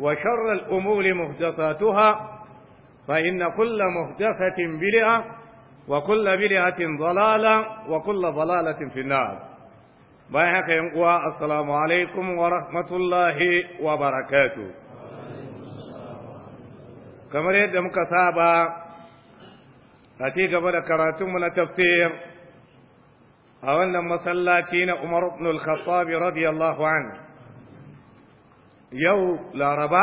وشر الأمور مهدثاتها فإن كل مهدثة بلئة وكل بلئة ضلالة وكل ضلالة في النار بايحك ينقوى السلام عليكم ورحمة الله وبركاته كما يد مكتابة أتيك قبل كراتم من التفسير أولا مسلاتين عمر بن الخطاب رضي الله عنه yau laraba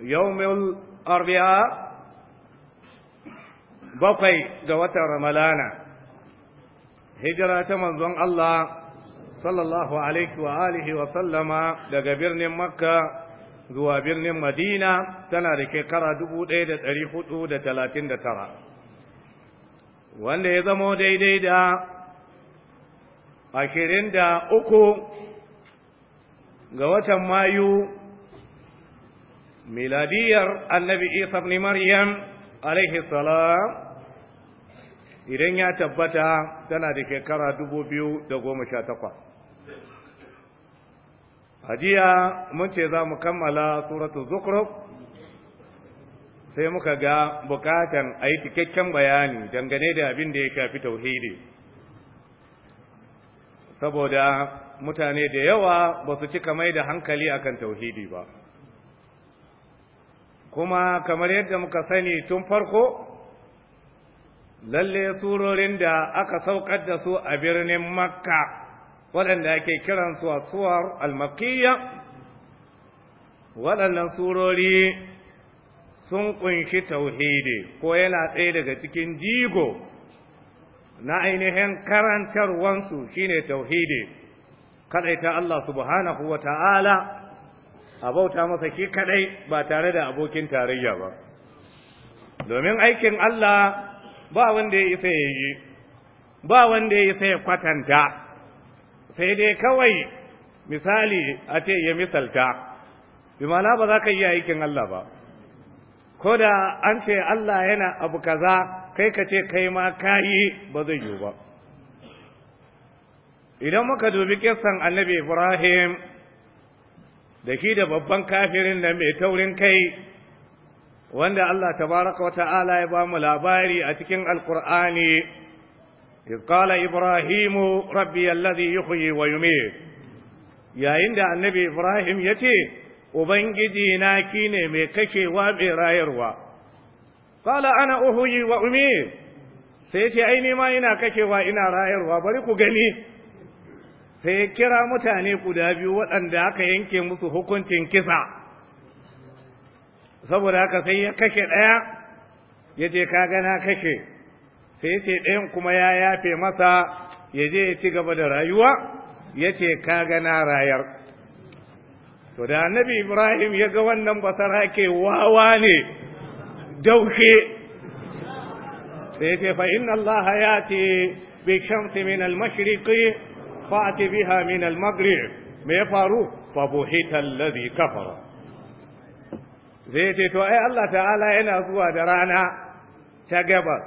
mil arbi'a bakwai ga watan ramalana hijira ta manzon Allah sallallahu alaihi wa alihi wa sallama daga birnin makka zuwa birnin madina tana da shekara ɗaya tara, wanda ya zamo daidai da da uku. ga watan mayu miladiyar annabi isa ibn maryam alaihi salam idan ya tabbata tana da shekara da goma 2018 hajiya mun ce za mu kammala suratul zukhruf sai muka ga bukatan a yi cikakken bayani dangane da abin da ya kafi tauhidi saboda mutane da yawa ba su cika mai da hankali akan tauhidi ba kuma kamar yadda muka sani tun farko lalle surorin da aka saukar da su a birnin makka waɗanda ake kiransu a suwar almakiyya waɗannan surori sun ƙunshi tauhidi ko yana ɗaya daga cikin jigo na ainihin karantarwansu shine tauhidi kadaita Allah subhanahu wa ta'ala a bauta masa ki kadai ba tare da abokin tarayya ba domin aikin Allah ba wanda ya isa ya yi ba wanda ya isa ya kwatanta sai dai kawai misali a ce ya misalta bi ma'ana ba za ka yi aikin Allah ba ko da an ce Allah yana abu kaza kai ka ce kai ma kayi ba zai yiwu ba idan muka dubi kissan annabi ibrahim da ki da babban kafirin da mai taurin kai wanda allah tabaraka wa ta'ala ya ba mu labari a cikin alkur'ani إذ قال da annabi Ibrahim يحيي ويميت ubangiji na kine إبراهيم kake وبنجدي ناكيني ميككي وابيرايروا قال أنا wa وأميت sai ce ai ma ina kakewa ina rayarwa bari ku gani sai ya kira mutane guda biyu waɗanda aka yanke musu hukuncin kisa saboda haka sai ya kake ɗaya ya je ka gana kake sai ya ce ɗayan kuma ya yafe masa ya je ya ci gaba da rayuwa ya ce ka gana rayar to da annabi ibrahim ya ga wannan basara ke wawa ne daushe sai ya ce fa inna allaha ya ce bi shamsi min al fa'ati biha min al-maghrib me ya faru fa buhita alladhi kafara zai ce to ai Allah ta'ala yana zuwa da rana ta gabas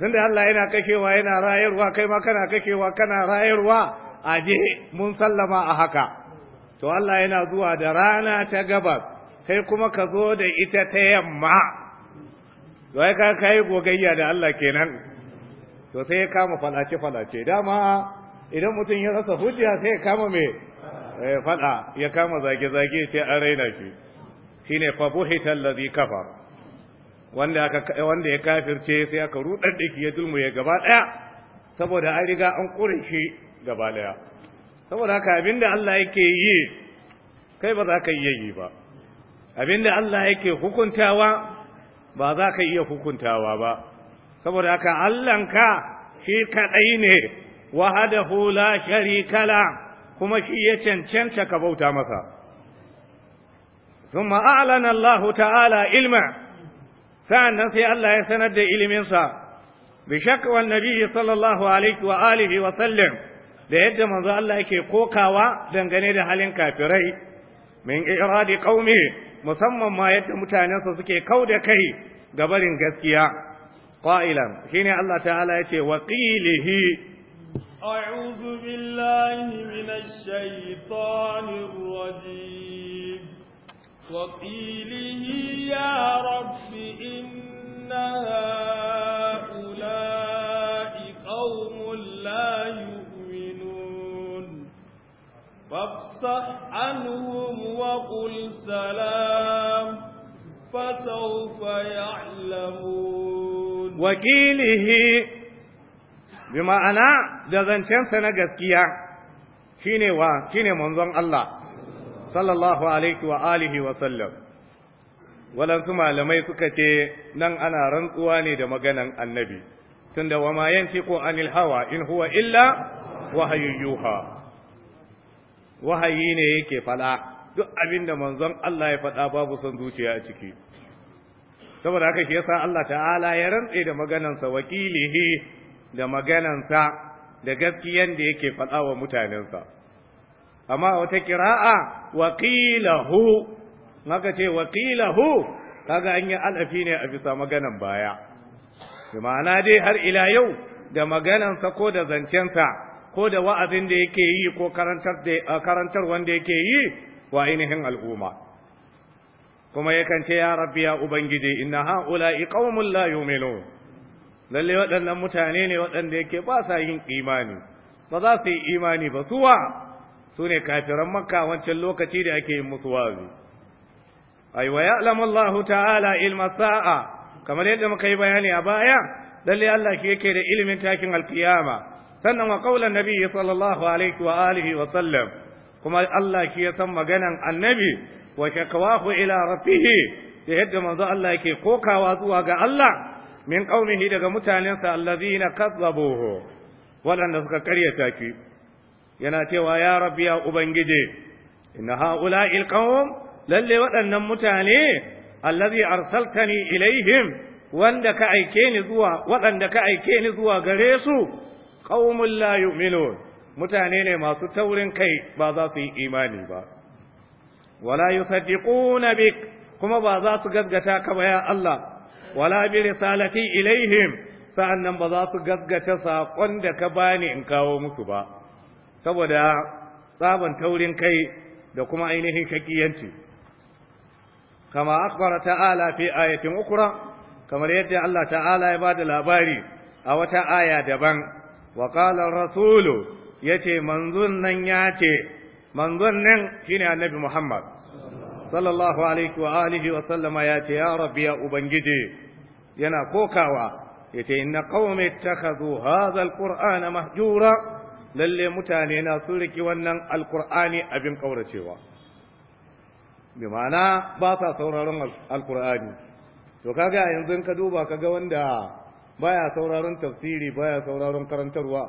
da Allah yana kashewa yana rayarwa kai ma kana kashewa kana rayarwa aje mun sallama a haka to Allah yana zuwa da rana ta gabas kai kuma ka zo da ita ta yamma wai ka kai gogayya da Allah kenan to sai ya kama falace falace dama idan mutum ya rasa hujja sai ya kama me eh, fada ya kama zage zage ce an raina shi shine fa buhita allazi kafar wanda aka wanda ya kafirce sai aka rudar da ya dulmu ya gaba daya saboda an riga an kure shi gaba daya saboda haka abinda Allah yake yi kai ba za ka iya yi ba abinda Allah yake hukuntawa ba za ka iya hukuntawa ba saboda haka Allahnka shi kaɗai ne wahadahu hula sharika kuma shi ya cancanta ka bauta masa ثم أعلن الله تعالى علما فأن في الله يسند إلى بشكوى النبي صلى الله عليه وآله وسلم لأن من ذا الله يكي قوكاوا دنغني ده حالين كافري من إراد قومه musamman ma yadda mutanensa suke kau da kai barin gaskiya قائلا حين الله تعالى يتي وقيله أعوذ بالله من الشيطان الرجيم وقيله يا رب إن هؤلاء قوم لا يؤمنون فافصح عنهم وقل سلام فسوف يعلمون وكيله بمعنى جزنشن سنغسكيا شيني وا شيني منظم الله صلى الله عليه وآله وسلم waɗansu malamai suka ce nan ana rantsuwa ne da maganan annabi tunda wa ma yantiqu anil hawa in huwa illa wahayyuha wahayi ne yake fada duk abin da manzon Allah ya faɗa babu son zuciya a ciki saboda haka shi yasa Allah ta'ala ya rantse da maganansa wakilihi da maganansa da gaskiyan da yake faɗa wa mutanensa amma wata kira'a waqilahu maka ce waqilahu kaga an yi alafi ne a bisa maganan baya bi ma'ana dai har ila yau da maganansa ko da zancensa ko da wa'azin da yake yi ko karantar wanda yake yi wa ainihin al'umma kuma yakan ce ya rabbi ya ubangiji inna haula'i qaumun la yu'minun lalle waɗannan mutane ne waɗanda yake ba sa yin imani ba za su yi imani ba suwa su ne kafiran makka wancan lokaci da ake yin musu wazi ai wa ya'lamu Allah ta'ala ilma sa'a kamar yadda muka yi bayani a baya lalle Allah shi yake da ilimin takin alkiyama sannan wa qaulan nabiyyi sallallahu alaihi wa alihi wa sallam kuma Allah ke ya san maganan annabi wa shakwahu ila rabbihi da yadda manzo Allah yake kokawa zuwa ga Allah min qaumihi daga mutanensa allazina kazzabuhu waɗanda suka karyata ki yana cewa ya rabbi ya ubangije inna haula'i alqawm lalle waɗannan mutane allazi arsaltani ilaihim wanda ka aike ni zuwa waɗanda ka aike ni zuwa gare su qaumun la yu'minun mutane ne masu taurin kai ba za su yi imani ba wala yusaddiquna bik kuma ba za su gaggata ka ba Allah wala bi risalati ilaihim sa'annan ba za su gaskata sakon da ka bani in kawo musu ba saboda tsaban taurin kai da kuma ainihin kakiyanci kama akbara ta'ala fi ayatin ukra kamar yadda Allah ta'ala ya bada labari a wata aya daban wa qala rasulu ya ce manzon nan ya ce manzon nan ne annabi Muhammad sallallahu alaihi wa alihi wa sallama ya ce ya rabbi ya ubangiji yana kokawa ya ce inna qaumi ittakhadhu hadha alqur'ana mahjura lalle mutane na sun riki wannan alqur'ani abin kauracewa bi ma'ana ba sa sauraron alqur'ani to kaga yanzu in ka duba kaga wanda baya sauraron tafsiri baya sauraron karantarwa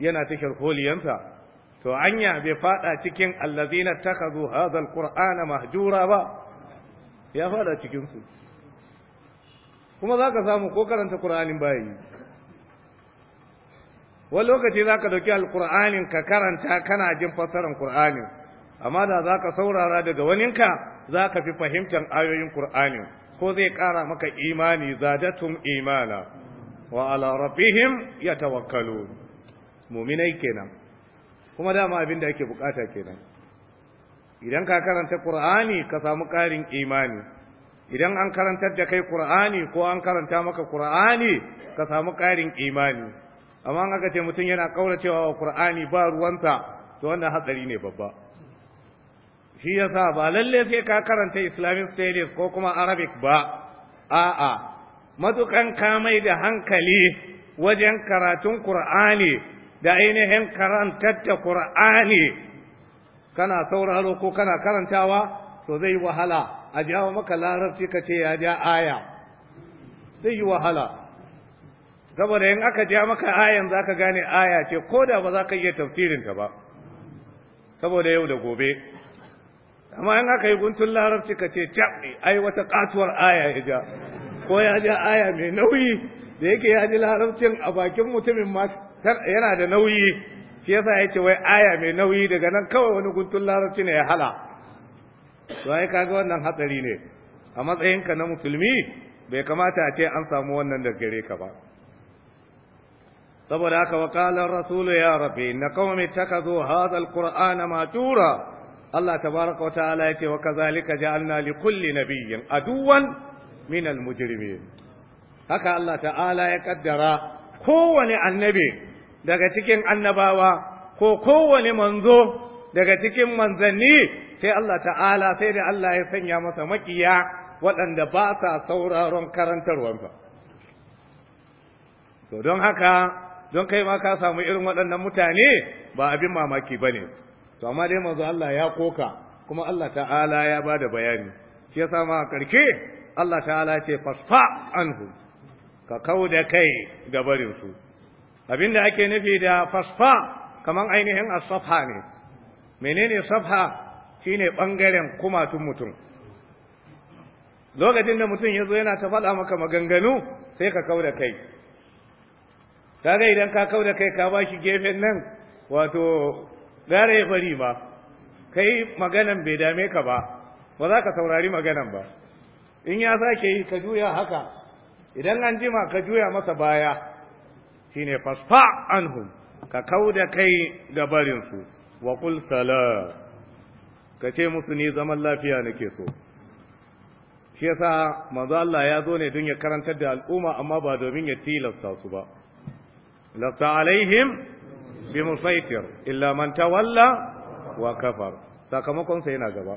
yana ta sharholiyansa to anya bai fada cikin allazina takazu hadhal qur'ana mahjura ba ya fada cikin su kuma zaka samu ko karanta qur'anin bayi wani lokaci zaka dauki alqur'anin ka karanta kana jin fassarar qur'anin amma da zaka saurara daga waninka zaka fi fahimtar ayoyin qur'anin ko zai kara maka imani zadatum imana wa ala rabbihim yatawakkalun muminai kenan kuma dama abin da ake bukata kenan idan ka karanta qur'ani ka samu karin imani idan an karantar da kai qur'ani ko an karanta maka qur'ani ka samu karin imani amma an aka ce mutum yana ƙauracewa wa qur'ani ba ruwanta to wannan hatsari ne babba shi yasa ba lalle sai ka karanta islamic studies ko kuma arabic ba a'a matukan ka mai da hankali wajen karatun qur'ani da ainihin karantar da Qur'ani kana sauraro ko kana karantawa to zai wahala a jawo maka larabci ka ce ya ja aya zai yi wahala saboda in aka ja maka ayan za ka gane aya ce ko da ba za ka iya tafsirinta ba saboda yau da gobe amma in aka yi guntun larabci ka ce caɓe ai wata katuwar aya ya ja ko ya ja aya mai nauyi da yake ya ji larabcin a bakin mutumin ma yana da nauyi shi yasa ya ce wai aya mai nauyi daga nan kawai wani guntun larabci ne ya hala to ai kaga wannan hatsari ne a matsayinka na musulmi bai kamata a ce an samu wannan da gare ka ba saboda haka ar rasulu ya rabbi na qawmi takazu hadha al-qur'ana matura Allah tabaraka wa ta'ala yace wa kazalika ja'alna li kulli nabiyyin aduwan min al-mujrimin haka Allah ta'ala ya kaddara kowane annabi daga cikin annabawa ko kowane manzo daga cikin manzanni sai Allah ta'ala sai da Allah ya sanya masa makiya waɗanda ba sa sauraron karantarwansa to don haka don kai ma ka samu irin waɗannan mutane ba abin mamaki ba ne to amma dai manzo Allah ya koka kuma Allah ta'ala ya ba da bayani shi yasa ma karke Allah ta'ala ce fasfa anhu ka kau da kai ga barinsu. abin da ake nufi da fasfa kamar ainihin asafa ne menene safha shine bangaren kumatun mutum lokacin da mutum ya zo yana ta faɗa maka maganganu sai ka kau da kai kaga idan ka kau kai ka ba shi gefen nan wato gara ya bari ba kai maganan bai dame ka ba ba za ka saurari maganan ba in ya sake yi ka juya haka idan an jima ka juya masa baya shine fasfa anhum ka da kai ga barinsu. su wa ka ce musu ni zaman lafiya nake so shi yasa manzo Allah ya zo ne don ya karantar da al'umma amma ba domin ya tilasta su ba lafta alaihim bi musaitir illa man tawalla wa kafar sakamakon sa yana gaba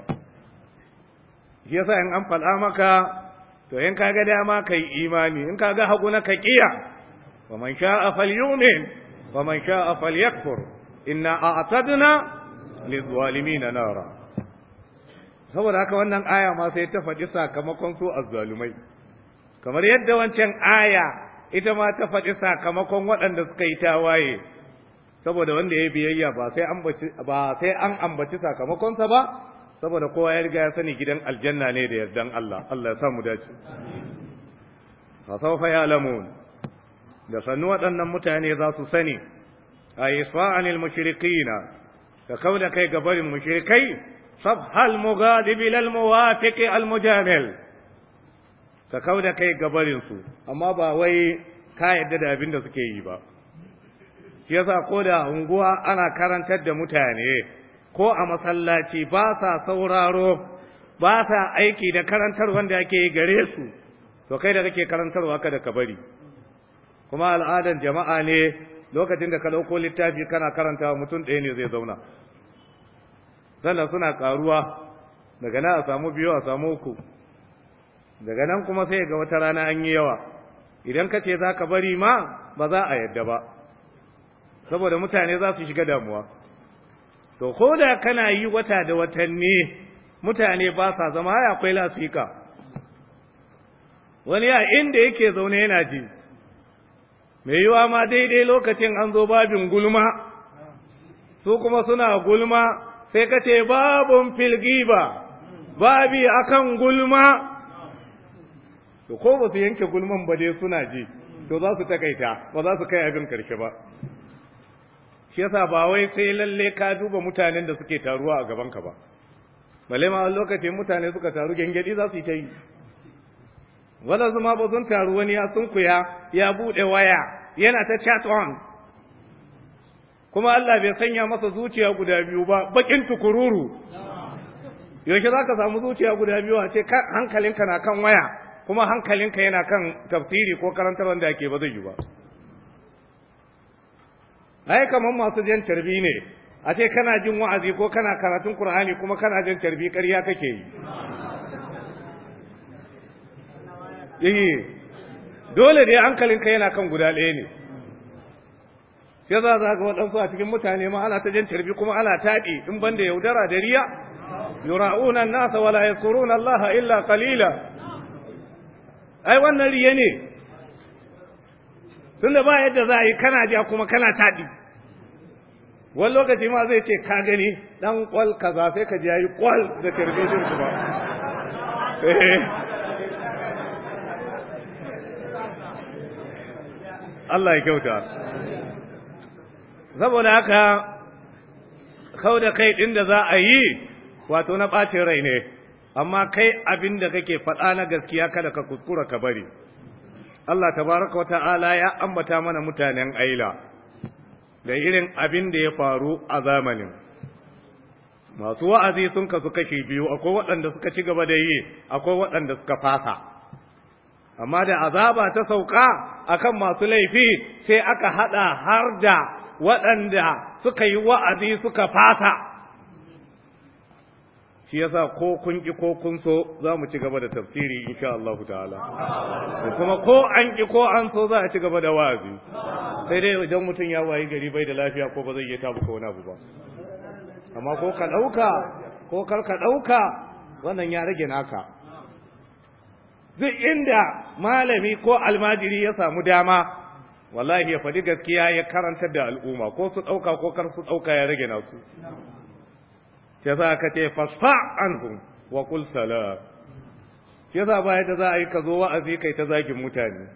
shi yasa in an faɗa maka to in kaga dama kai imani in kaga hagu na ka kiya ومن شاء فليؤمن ومن شاء فليكفر إنا أعتدنا للظالمين نارا saboda haka wannan aya ma sai ta faɗi sakamakon su azzalumai kamar yadda wancan aya ita ma ta faɗi sakamakon waɗanda suka yi tawaye saboda wanda ya biyayya ba sai an ba sai an ambaci sakamakonsa ba saboda kowa ya riga ya sani gidan aljanna ne da yardan Allah Allah ya samu dace fa sawfa ya'lamun da sannu waɗannan mutane za su sani a isfa'anil mushrikina ka da kai ga barin mushrikai sabhal mugadi bilal muwafiqi al mujamil ka da kai ga amma ba wai ka yadda da abin da suke yi ba shi yasa ko da unguwa ana karantar da mutane ko a masallaci ba sa sauraro ba sa aiki da karantar wanda ake yi gare su to kai da kake karantarwa da ka bari kuma al'adan jama'a ne lokacin da ka ɗauko littafi kana karanta mutum ɗaya ne zai zauna sannan suna ƙaruwa daga nan a samu biyu a samu uku daga nan kuma sai ga wata rana an yi yawa idan ka ce za ka bari ma ba za a yadda ba saboda mutane za su shiga damuwa to ko da kana yi wata da watanni mutane ba sa zama akwai lasika wani ya inda yake zaune yana ji mai yiwa ma daidai lokacin an zo babin gulma su kuma suna gulma sai ka ce filgi filgiba babi akan gulma to ko ba su yanke gulman ba dai suna ji to za su takaita ba za su kai abin karshe ba shi yasa ba wai sai lalle ka duba mutanen da suke taruwa a gabanka ba balle ma lokacin mutane suka taru gengedi za su yi ta yi wala zama ba zan taru wani ya sunkuya ya buɗe waya yana ta chat on kuma Allah bai sanya masa zuciya guda biyu ba bakin tukururu yaushe za ka samu zuciya guda biyu a ce hankalinka na kan waya kuma hankalinka yana kan tafsiri ko karantar wanda ake ba zai yi ba ai kamar masu jan tarbi ne a ce kana jin wa'azi ko kana karatun qur'ani kuma kana jan tarbi ƙarya kake yi eh dole dai ka yana kan guda ɗaya ne sai za za ga waɗansu a cikin mutane ma ana ta jan tarbi kuma ana taɗi in banda yaudara da riya yura'una an-nasa wala yadhkuruna Allah illa qalila ai wannan riya ne tunda ba yadda za a yi kana ja kuma kana taɗi wani lokaci ma zai ce ka gani dan kwal kaza sai ka ji yayi kwal da tarbi ba. Allah ya kyauta saboda haka kau da kai ɗin da za a yi wato na ɓacin rai ne amma kai abin da kake faɗa na gaskiya kada ka kuskura ka bari Allah tabaraka wa ta'ala ya ambata mana mutanen aila da irin abin da ya faru a zamanin masu wa'azi sun kasu kashi biyu akwai waɗanda suka ci gaba da yi akwai waɗanda suka fasa amma da azaba ta sauka akan masu laifi sai aka hada har da waɗanda suka yi wa'azi suka fata shi yasa ko kun ki ko kun so za mu ci gaba da tafsiri insha Allah ta'ala kuma ko an ki ko an so za a ci gaba da wa'azi sai dai idan mutum ya wayi gari bai da lafiya ko ba zai iya tabu ko wani abu ba amma ko ka dauka ko kar ka dauka wannan ya rage naka duk inda malami ko almajiri ya samu dama wallahi ya faɗi gaskiya ya karanta da al'umma ko su ɗauka ko kar su ɗauka ya rage nasu sai za ka ce fasfa anhum wa kul salam sai baya da za a yi ka zo wa'azi kai ta zagin mutane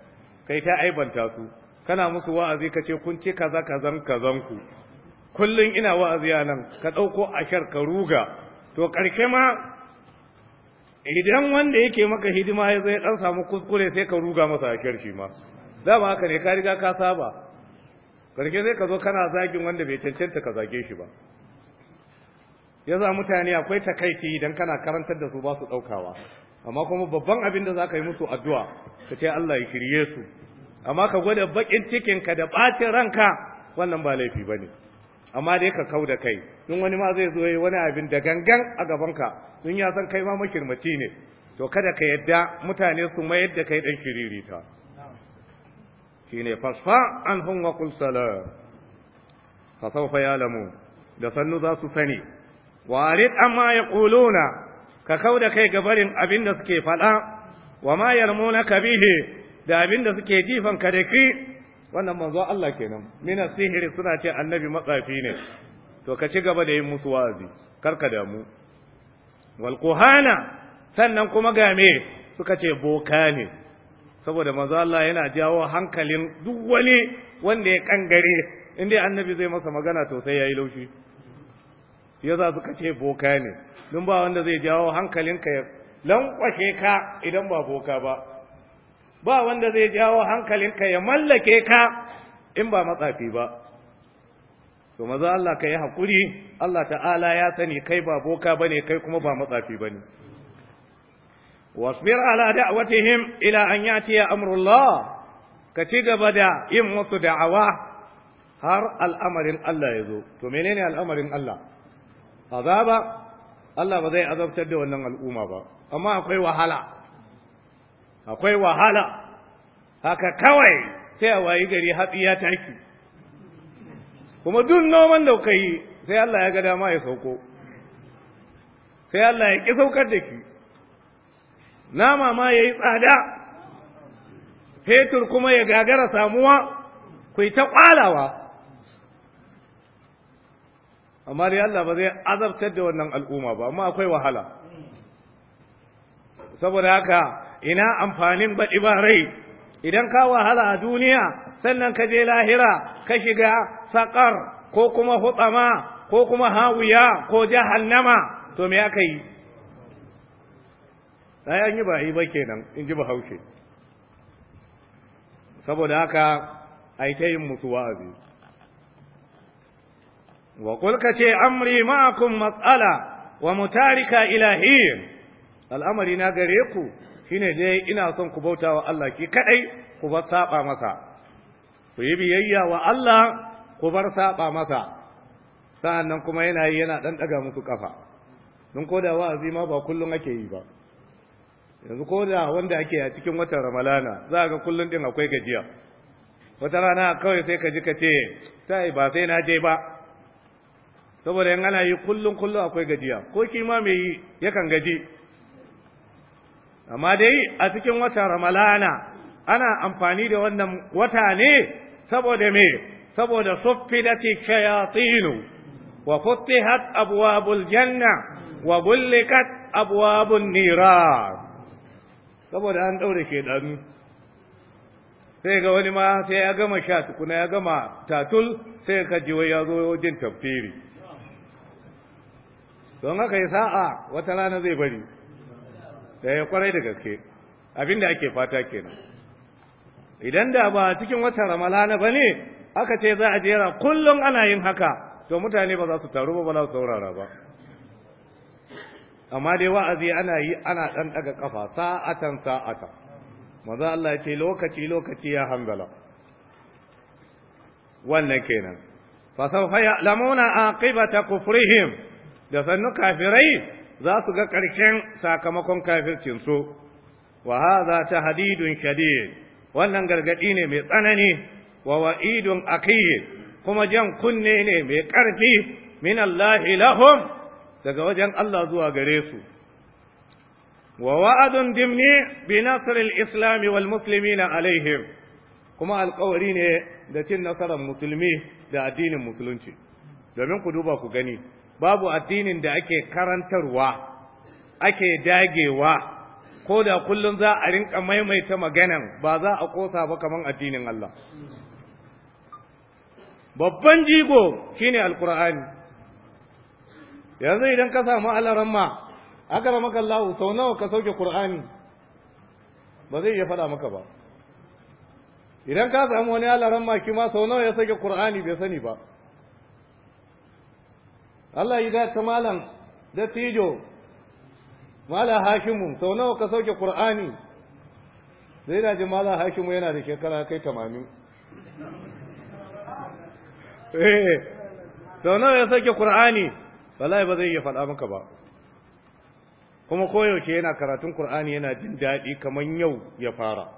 kai ta aibanta su kana musu wa'azi ka ce kun ci kaza kazan kazan ku kullun ina wa'azi a nan ka ɗauko ashar ka ruga to ƙarshe ma idan wanda yake maka hidima ya zai dan samu kuskure sai ka ruga masa hakiyar shi ma ba haka ne ka riga ka saba karke sai ka zo kana zagin wanda bai cancanta ka zage shi ba yasa mutane akwai takaici idan kana karantar da su ba su daukawa amma kuma babban abin da za ka yi musu addu'a ka ce Allah ya shirye su amma ka gwada bakin cikin ka da ɓacin ranka wannan ba laifi bane amma dai ka kau da kai in wani ma zai zo yi wani abin da gangan a gabanka in ya san kai ma makirmaci ne to kada ka yadda mutane su mayar da kai dan kiririta ne fasfa an hun wa qul salam fa ya'lamu da sannu za su sani wa arid amma yaquluna ka kau da kai gabarin abin da suke faɗa wa ma yarmunaka bihi da abin da suke jifan ka da ki wannan manzo Allah kenan mina sihiri suna ce annabi matsafi ne to ka ci gaba da yin musu wa'azi karka damu wal kuhana sannan kuma game suka ce boka ne saboda manzo Allah yana jawo hankalin duk wani wanda ya kangare inda annabi zai masa magana to sai yayi laushi yasa suka ce boka ne dun ba wanda zai jawo hankalinka ya lankwashe ka idan ba boka ba ba wanda zai jawo hankalinka ya mallake ka in ba matsafi ba to maza Allah ka yi haƙuri Allah ta'ala ya sani kai ba boka ba ne kai kuma ba matsafi ba ne wasbir ala da'watihim ila an ya amrullah ka ci gaba da yin wasu da'awa har al'amarin Allah ya zo to menene al'amarin Allah azaba Allah ba zai azabtar da wannan al'umma ba amma akwai wahala akwai wahala haka kawai sai a wayi gari hatsi ya taki kuma duk noman da kuka sai Allah ya ga dama ya sauko sai Allah ya ƙi saukar da ki nama ma ya yi tsada fetur kuma ya gagara samuwa ku ta ƙwalawa amma dai Allah ba zai azabtar da wannan al'umma ba amma akwai wahala saboda haka ina amfanin baɗi ba idan ka wahala a duniya sannan ka je lahira ka shiga saƙar ko kuma hutsama ko kuma hawiya ko jahannama to me aka yi sai an yi ba yi ba kenan in ji bahaushe saboda haka ai ta yin musu wa'azi wa ce amri ma'akum matsala wa mutarika ilahiyin al'amari na gare ku shine dai ina son ku bauta wa Allah ki kadai ku bar saba masa ku yi biyayya wa Allah ku bar saba masa sa'annan kuma yana yi yana dan daga musu kafa don koda wa'azi ma ba kullun ake yi ba yanzu koda wanda ake a cikin watan ramalana za ga kullun din akwai gajiya wata rana kawai sai ka ji ka ce tai ba sai na je ba saboda yan ana yi kullun kullun akwai gajiya ko kima mai yi yakan gaji amma dai a cikin wata ramalana ana amfani da wannan wata ne saboda me saboda suffidati shayatinu wa futtihat abwabul janna wa gullikat abwabun nirar saboda an daure ɗanu, sai ga wani ma sai ya gama sha tukuna ya gama tatul sai ka ji wai ya zo wajen tafsiri don haka ya sa'a wata rana zai bari da eh, ya kwarai da gaske abin da ake fata kenan idan da ba cikin wata ramalana ba ne aka ce za a jera kullum ana yin haka to mutane ba za su taru ba ba za su saurara ba amma dai wa'azi ana yi ana ɗan ɗaga ƙafa sa'atan sa'ata maza Allah ya ce lokaci lokaci ya hangala wannan kenan fa sawfa lamuna aqibata kufrihim da sannu kafirai za su ga ƙarshen sakamakon kafircinsu wa haza hadidun shadid wannan gargadi ne mai tsanani wa wa'idun aqid kuma jan kunne ne mai ƙarfi min Allah lahum daga wajen Allah zuwa gare su wa wa'adun dimni bi nasr al-islam wal muslimin alaihim kuma alƙawari ne da cin nasarar musulmi da addinin musulunci domin ku duba ku gani babu addinin da ake karantarwa ake dagewa ko da kullum za a rinka maimaita maganan ba za a kosa ba kaman addinin Allah babban jigo shine alkur'ani yanzu idan ka samu alaramma aka maka Allah sau nawa ka sauke qur'ani ba zai iya faɗa maka ba idan ka samu wani alaramma kima sau nawa ya sauke qur'ani bai sani ba Allah yi ta malam da tijo mala Hashimu. sau nawa ka sauke qur'ani sai da ji mala Hashimu yana da shekara kai tamanin eh sau nawa ya sauke qur'ani wallahi ba zai iya faɗa maka ba kuma koyaushe yana karatun qur'ani yana jin daɗi kamar yau ya fara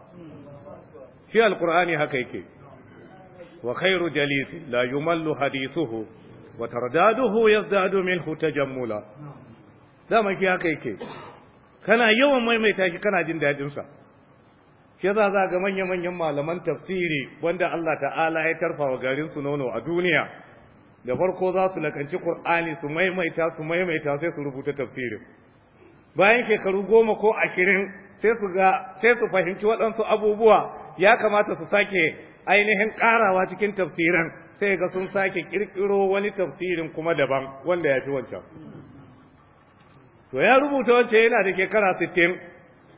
shi al-qur'ani haka yake wa khairu jalisi la yumallu hadithuhu wa tardaduhu yazdadu minhu tajammula dama ki haka yake kana yawan maimaita shi kana jin dadin sa shi za ga manya manyan malaman tafsiri wanda Allah ta'ala ya tarfawa garin su nono a duniya da farko za su lakanci Kur'ani su maimaita su maimaita sai su rubuta tafsirin bayan shekaru goma ko ashirin sai su sai su fahimci waɗansu abubuwa ya kamata su sake ainihin ƙarawa cikin tafsiran sai ga sun sake kirkiro wani tafsirin kuma daban wanda ya fi wancan to ya rubuta wancan yana da shekara sittin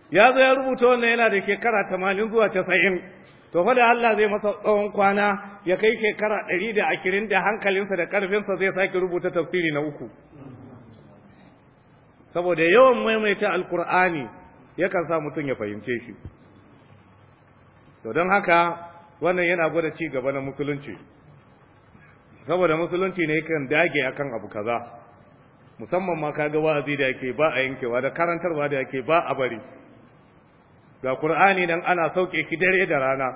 ya zo ya rubuta wannan yana da shekara tamanin zuwa casa'in to fa da Allah zai masa tsawon kwana ya kai shekara ɗari da ashirin da hankalinsa da ƙarfinsa zai sake rubuta tafsiri na uku saboda yawan maimaita alkur'ani yakan sa mutum ya fahimce shi to don haka wannan yana gwada ci gaba na musulunci saboda musulunci ne kan dage akan abu kaza musamman ma kaga wa'azi da yake ba a yankewa da karantarwa da yake ba a bari ga qur'ani nan ana sauke ki dare da rana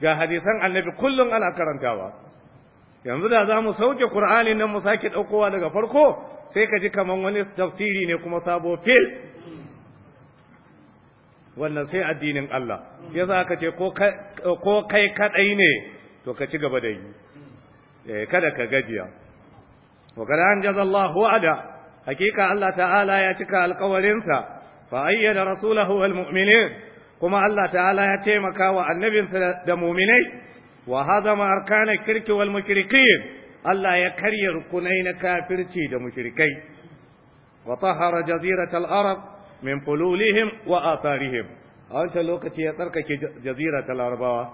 ga hadisan annabi kullum ana karantawa yanzu da zamu sauke qur'ani nan mu sake daukowa daga farko sai ka ji kaman wani tafsiri ne kuma sabo fil wannan sai addinin Allah yasa aka ce ko kai kadai ne to ka ci gaba da yi Eh, kada ka gajiya wa kada anjaza Allah wa'ada hakika Allah ta'ala ya cika alkawarinsa fa ayyada rasulahu wal mu'minin kuma Allah ta'ala ya taimaka wa annabinsa da mu'minai wa hazama arkana kirki wal mushrikin Allah ya karya rukunai na kafirci da mushrikai wa tahara jaziratal arab min fululihim wa atharihim a wancan lokaci ya tsarkake jaziratal arabawa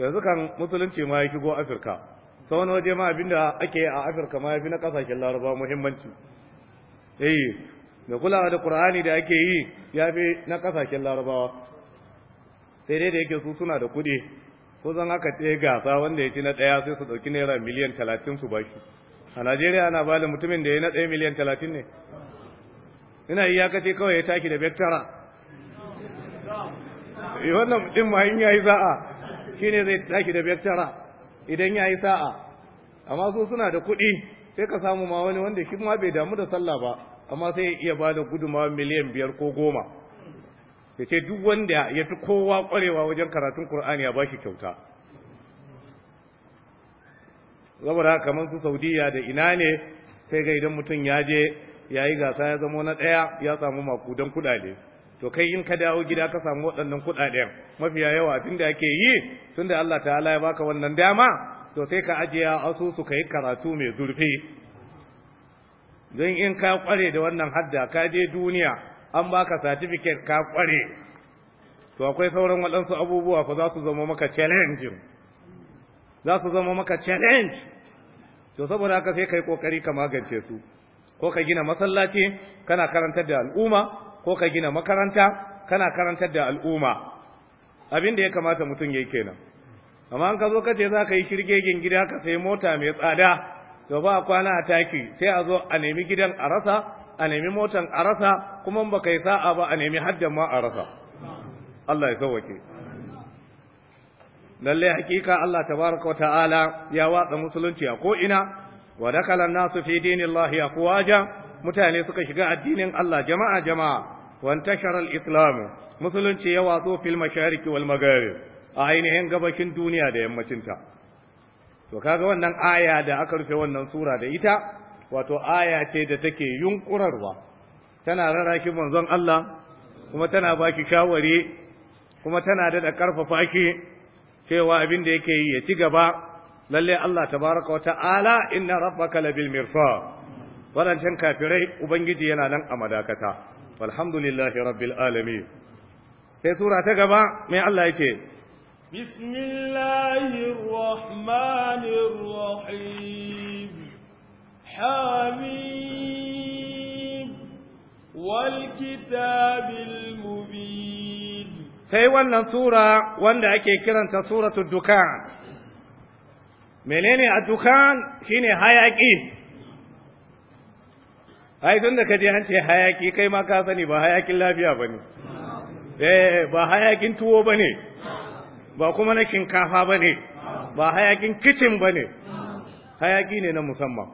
yanzu kan musulunci ma ya shigo afirka sau wani waje ma abin da ake a afirka ma yafi na kasashen laraba muhimmanci eh da kulawa da qur'ani da ake yi ya fi na kasashen larabawa sai dai da yake su suna da kuɗi ko zan aka ce gasa wanda ya ci na ɗaya sai su ɗauki naira miliyan talatin su ba shi. a najeriya ana ba da mutumin da ya na ɗaya miliyan talatin ne ina yi kace kawai ya taki da bektara eh, wannan ɗin ma in yayi za'a shine zai taki da bektara idan ya yi sa'a amma su suna da kuɗi sai ka samu ma wani wanda shi ma bai damu da sallah ba amma sai ya iya ba da guduma miliyan biyar ko goma ya ce duk wanda ya fi kowa ƙwarewa wajen karatun Kur'ani ya ba shi kyauta Zabara kamar su saudiya da ina ne sai ga idan mutum ya je ya yi gasa ya zama na ɗaya ya samu makudan kuɗaɗe to kai in ka dawo gida ka samu waɗannan kuɗaɗen mafiya yawa tunda ake yi tunda Allah ta'ala ya baka wannan dama to sai ka ajiye asusu ka yi karatu mai zurfi don in ka kware da wannan hadda ka je duniya an baka certificate ka kware to akwai sauran waɗansu abubuwa fa za su zama maka challenge za su zama maka challenge to saboda haka sai kai kokari ka magance su ko ka gina masallaci kana karantar da al'umma ko ka gina makaranta kana karantar da al'umma abin da ya kamata mutum ya yi kenan amma an ka zo kace za ka yi shirgegen gida ka sai mota mai tsada to ba kwana a taki sai a zo a nemi gidan a rasa a nemi motan a rasa kuma ba kai sa'a ba a nemi haddan ma a rasa Allah ya sauwake lalle hakika Allah tabaraka ta'ala ya watsa musulunci a ko ina wa dakala nasu fi dinillahi aqwaja mutane suka shiga addinin Allah jama'a jama'a وانتشر الإسلام مسلم يواطو في المشارك a ainihin gabashin duniya da yammacinta to kaga wannan aya da aka rufe wannan sura da ita wato aya ce da take yunƙurarwa, tana raraki manzon Allah kuma tana baki shawari kuma tana da da karfafa ki cewa abin da yake yi ya ci gaba lallai Allah tabaraka wa ta'ala inna rabbaka labil mirsa wadancan kafirai ubangiji yana nan a madakata walhamdulillahi rabbil alamin sai sura ta gaba mai Allah yake bismillahir rahmanir hamim wal mubin sai wannan sura wanda ake kiranta suratul dukan menene addukan shine hayaki ai tun da ka je an hayaki kai ma ka sani ba hayakin lafiya ba ne eh ba hayakin tuwo ba ne ba kuma na shinkafa ba ne ba hayakin kicin ba ne hayaki ne na musamman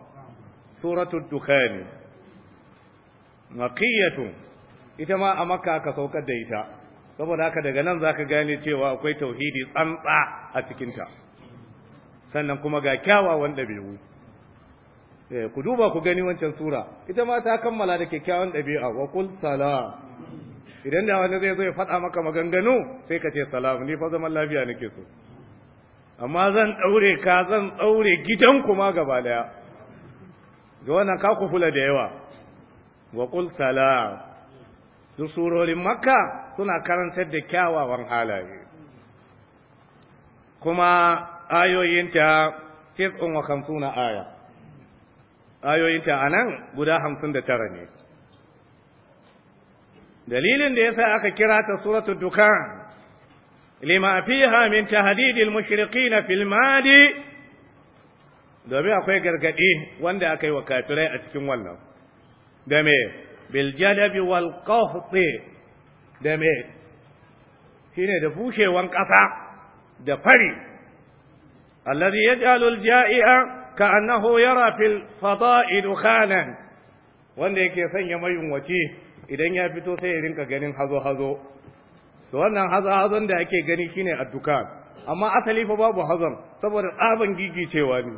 suratul dukhani maqiyatu ita ma a makka aka saukar da ita saboda haka daga nan zaka gane cewa akwai tauhidi tsantsa a cikinta sannan kuma ga kyawawan ɗabi'u Eh, ku duba ku gani wancan sura ita ma ta kammala da kyakkyawan ɗabi'a wa kul salam idan da wani zai zo ya faɗa maka maganganu sai ka ce salam ni fa zaman lafiya nake so amma zan ɗaure ka zan ɗaure gidan ku ma gaba daya ga wannan ka kufula da yawa wa kul salam duk surorin makka suna karantar da kyawawan halaye kuma ayoyinta tis'un wa kamsuna aya ayoyinta a nan guda hamsin da tara ne dalilin da ya sa aka kira ta suratul dukan lima fiha min tahdidil mushriqina fil madi domin akwai gargadi wanda aka yi wa kafirai a cikin wannan da me bil jadabi wal qahti da me shine da bushewan ƙasa da fari alladhi yaj'alu ja'i'a كأنه يرى في الفضاء دخانا wanda yake sanya mayunwaci idan ya fito sai ya rinka ganin hazo-hazo to wannan hazo-hazon da ake gani shine adduka amma asali fa babu hazon saboda tsaban gigicewa ne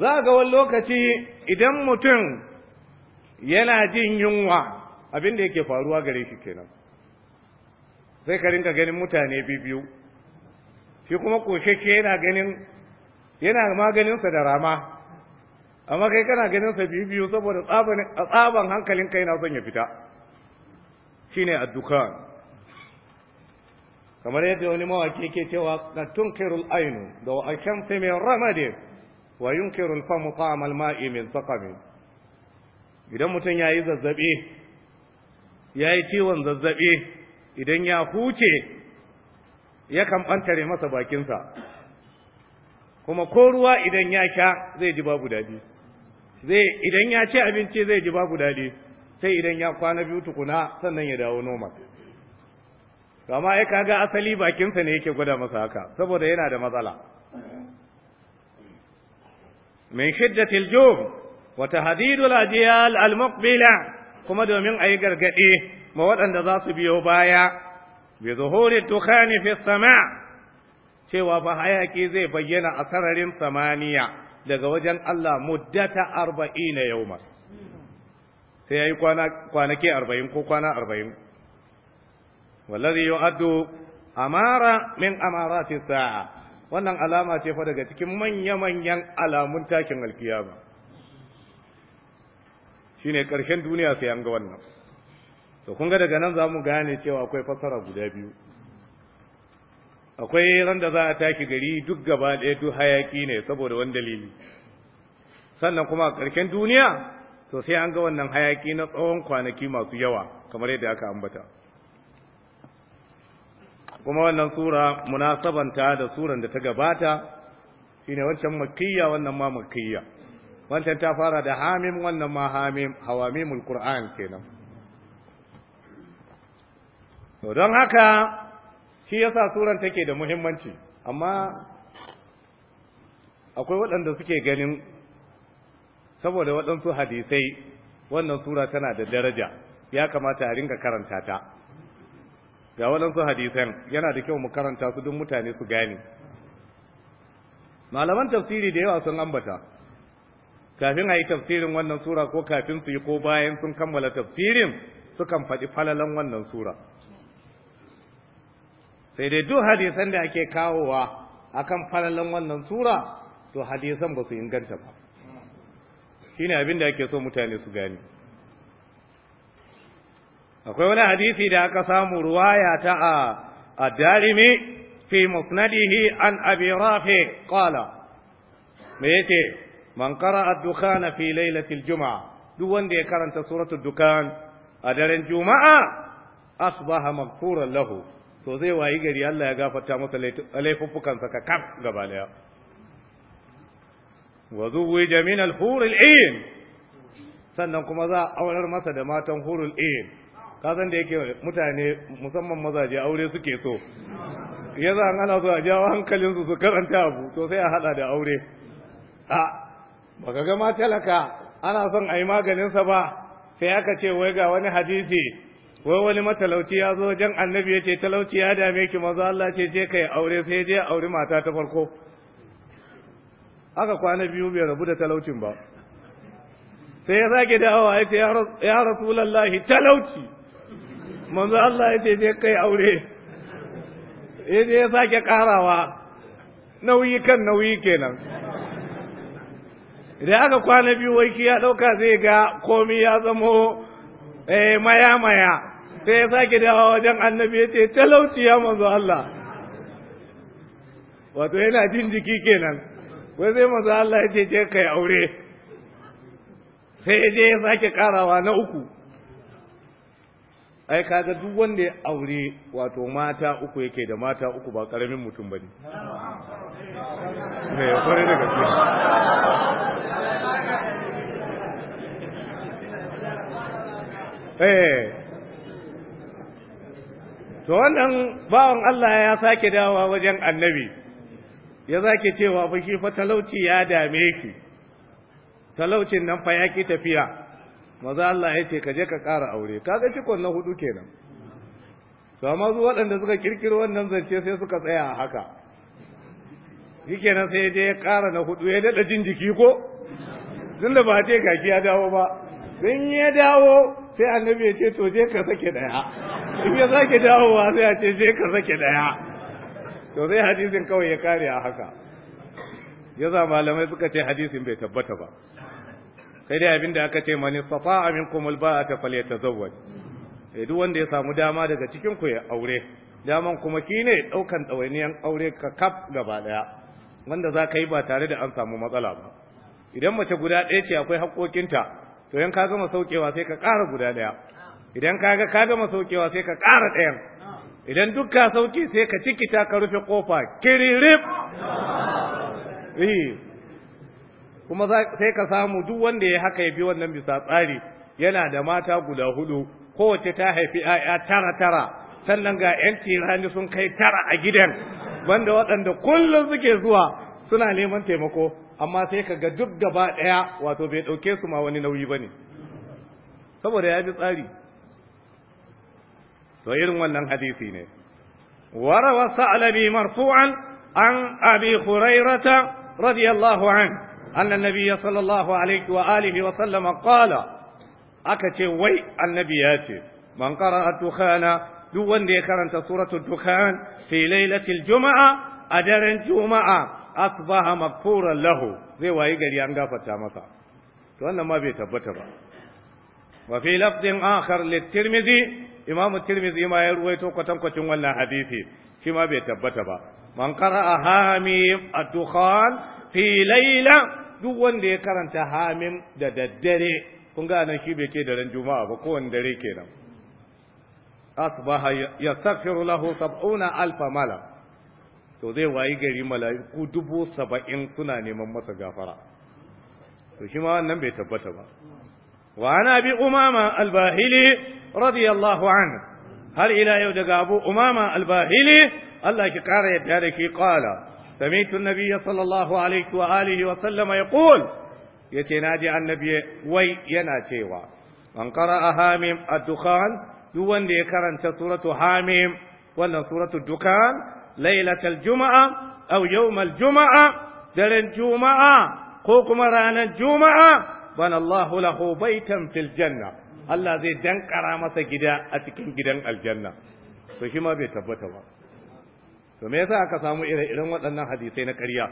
za ga wani lokaci idan mutum yana jin yunwa abin da yake faruwa gare shi kenan sai ka rinka ganin mutane biyu shi kuma kosheke yana ganin yana maganinsa da rama amma kai kana ganin sa biyu saboda tsaban hankalin kai na son ya fita shine addukan kamar yadda wani mawaki yake cewa na tunkirul ainu da wa akan fi min ramadi wa yunkirul famu ta'am al-ma'i min saqami idan mutum yayi zazzabi yayi ciwon zazzabi idan ya huce ya kan bantare masa bakinsa kuma ko ruwa idan ya sha zai ji babu dadi zai idan ya ci abinci zai ji babu dadi sai idan ya kwana biyu tukuna sannan ya dawo normal amma ai kaga asali bakinsa ne yake gwada masa haka saboda yana da matsala min shiddatil jub wa tahdidul ajyal al muqbila kuma domin ayi gargadi ma waɗanda za su biyo baya bi zuhuri tukhani fi sama' cewa fa hayaki zai bayyana a sararin samaniya daga wajen Allah muddata arba'ina yauma sai yayi kwana kwanaki arba'in ko kwana arba'in wallazi yu'addu amara min amarati sa'a wannan alama ce fa daga cikin manya-manyan alamun takin alkiyama shine karshen duniya sai an ga wannan to kun ga daga nan za mu gane cewa akwai fasara guda biyu akwai ran da za a taki gari duk gaba ɗaya duk hayaki ne saboda wani dalili sannan kuma a ƙarshen duniya to sai an ga wannan hayaki na tsawon kwanaki masu yawa kamar yadda aka ambata kuma wannan sura munasabanta da suran da ta gabata shine wancan makiyya wannan ma makiyya wancan ta fara da hamim wannan ma hamim hawamimul qur'an kenan to don haka shi yasa suran take da muhimmanci amma akwai waɗanda suke ganin saboda waɗansu hadisai wannan sura tana da daraja ya kamata a ringa karanta ta ga waɗansu hadisan yana da kyau mu karanta su don mutane su gane malaman tafsiri da yawa sun ambata kafin a yi tafsirin wannan sura ko kafin su yi ko bayan sun kammala tafsirin sukan faɗi falalan wannan sura sai dai duk hadisan da ake kawowa akan falalan wannan sura to hadisan ba su inganta ba shine abin da ake so mutane su gani akwai wani hadisi da aka samu ruwaya ta a ad-darimi fi musnadihi an abi rafi qala me yace man qara'a ad-dukhana fi lailatil juma'a duk wanda ya karanta suratul dukan a daren juma'a asbaha maghfuran lahu to zai wayi gari Allah ya gafarta masa laifuffukansa ka kaf gaba daya wa zuwi jamin al-hurul ayn sannan kuma za a aurar masa da matan hurul ayn ka san da yake mutane musamman mazaje aure suke so yaza an ana so a jawo hankalin su su karanta abu to sai a hada da aure a baka ga ma talaka ana son a yi maganin sa ba sai aka ce wai ga wani hadisi wai wani matalauci ya zo jan annabi ya ce talauci ya dame ki maza Allah ce je kai aure sai je aure mata ta farko aka kwana biyu bai rabu da talaucin ba sai ya zage dawowa ya ce ya rasulallahi talauci manzo Allah ya ce je kai aure ya je ya sake karawa nauyi kan nauyi kenan da aka kwana biyu wai ya dauka zai ga komi ya zamo eh maya maya sai ya sake dawa wajen annabi ya ce talauci ya manzo Allah wato yana jin jiki kenan wai sai manzo Allah ya ce je kai aure sai ya je ya sake karawa na uku ai kaga duk wanda ya aure wato mata uku yake da mata uku ba karamin mutum ba ne ya kware daga eh to wannan bawan Allah ya sake dawowa wajen annabi ya zake cewa fa shi fa talauci ya dame ki talaucin nan fa ya tafiya maza Allah ya ce ka je ka ƙara aure kaga shi kon na hudu kenan to amma su waɗanda suka kirkiro wannan zance sai suka tsaya a haka shikenan sai je ya ƙara na hudu ya daɗa jin jiki ko tunda ba ce kaki ya dawo ba sun ya dawo sai annabi ya ce to je ka sake daya in ya sake dawowa sai a ce je ka sake daya to sai hadisin kawai ya kare a haka ya za malamai suka ce hadisin bai tabbata ba sai dai abinda aka ce mani amin safa'a minkum ta zawar ya eh, duk wanda ya samu dama daga cikin ku ya aure daman kuma kine daukan dawainiyan aure ka kaf gaba ɗaya. wanda za ka yi ba tare da an samu matsala ba idan mace guda ɗaya ce akwai haƙoƙinta to yan ka gama saukewa sai ka ƙara guda ɗaya idan ka ga ka gama saukewa sai ka ƙara ɗayan idan duk ka sauke sai ka tikita ka rufe kofa kiririf kuma sai ka samu duk wanda ya haka ya bi wannan bisa tsari yana da mata guda hudu kowace ta haifi 'ya'ya tara tara sannan ga 'yan tirani sun kai tara a gidan banda waɗanda kullum suke zuwa suna neman taimako amma sai ka ga duk gaba ɗaya wato bai ɗauke su ma wani nauyi ba ne saboda ya ji tsari to irin wannan hadisi ne warawa sa'alabi marfu'an an abi hurairata radiyallahu an annan nabiyya sallallahu alaihi wa alihi wa sallama qala aka ce wai annabi ya ce man qara'a dukhana duk wanda ya karanta suratul dukhan fi lailatul juma'a a daren juma'a asbaha maghfuran lahu zai wayi gari an gafarta masa to wannan ma bai tabbata ba wa fi lafdin akhar litirmidhi imam tirmidhi ma ya ruwaito kwatankwacin wannan hadisi shi ma bai tabbata ba man qara'a hamim ad-dukhan fi layla duk wanda ya karanta hamim da daddare kun ga nan shi bai ce daren juma'a ba kowanne dare kenan asbaha yastaghfiru lahu sab'una alfa to zai wayi gari mala'iku dubu saba'in suna neman masa gafara to wannan bai tabbata ba wa ana bi umama albahili radiyallahu an har ila yau daga abu umama albahili Allah ki kara yadda da ke kwala samitun nabiya sallallahu alaihi wa wa sallama ya ya ce na ji annabi wai yana cewa an kara a hamim a duk wanda ya karanta suratu hamim wannan suratu dukan lailatal juma'a aw yawmal juma'a daren juma'a ko kuma ranar juma'a banallahu lahu baitan fil janna Allah zai dankara masa gida a cikin gidan aljanna to shi ma bai tabbata ba to me yasa aka samu ire-iren waɗannan hadisai na ƙarya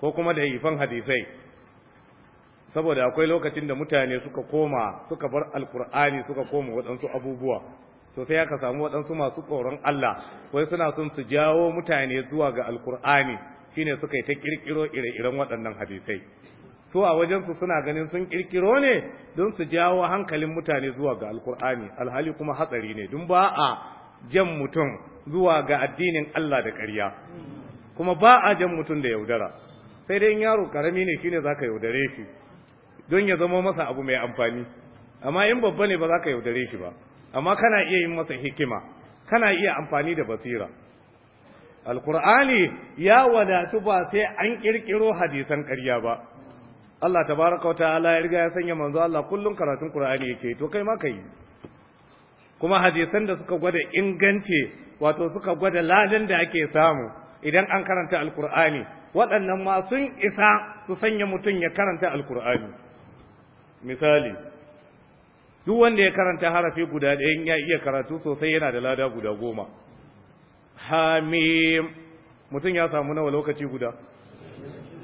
ko kuma da ifan hadisai saboda akwai lokacin da mutane suka koma suka bar alkur'ani suka koma waɗansu abubuwa to sai aka samu waɗansu masu tsoron Allah wai suna son su jawo mutane zuwa ga alkur'ani shine suka yi ta kirkiro ire-iren waɗannan hadisai so a wajensu suna ganin sun kirkiro ne don su jawo hankalin mutane zuwa ga alkur'ani alhali kuma hatsari ne don ba a jan mutum zuwa ga addinin Allah da ƙarya kuma ba a jan mutum da yaudara sai dai yaro karami ne shine zaka yaudare shi don ya zama masa abu mai amfani amma in babba ne ba za ka yaudare shi ba amma kana iya yin masa hikima kana iya amfani da basira alkur'ani ya wadatu ba sai an kirkiro hadisan ƙarya ba Allah tabaraka wa ta'ala ya riga ya sanya manzo Allah kullun karatun Qur'ani yake to kai ma kai kuma hadisan da suka gwada inganci wato suka gwada ladan da ake samu idan an karanta alkur'ani waɗannan ma sun isa su sanya mutum ya karanta alkur'ani misali duk wanda ya karanta harafi guda ɗaya ya iya karatu sosai yana da lada guda goma hamim mutum ya samu nawa lokaci guda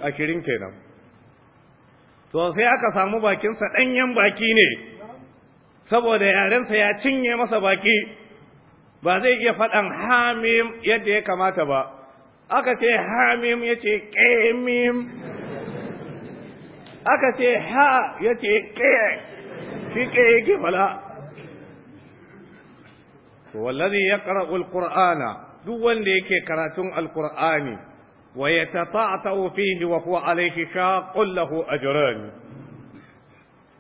A kirin kenan Sosai aka samu bakinsa ɗanyen baki ne saboda yarensa ya cinye masa baki ba zai iya faɗan hamim yadda ya kamata ba aka ce hamim ya ce ƙemim aka ce ha ya ce shi ke yake fala wallazi yaqra'u alqur'ana duk wanda yake karatun alqur'ani wa yatata'u fihi wa huwa alayhi a lahu ajran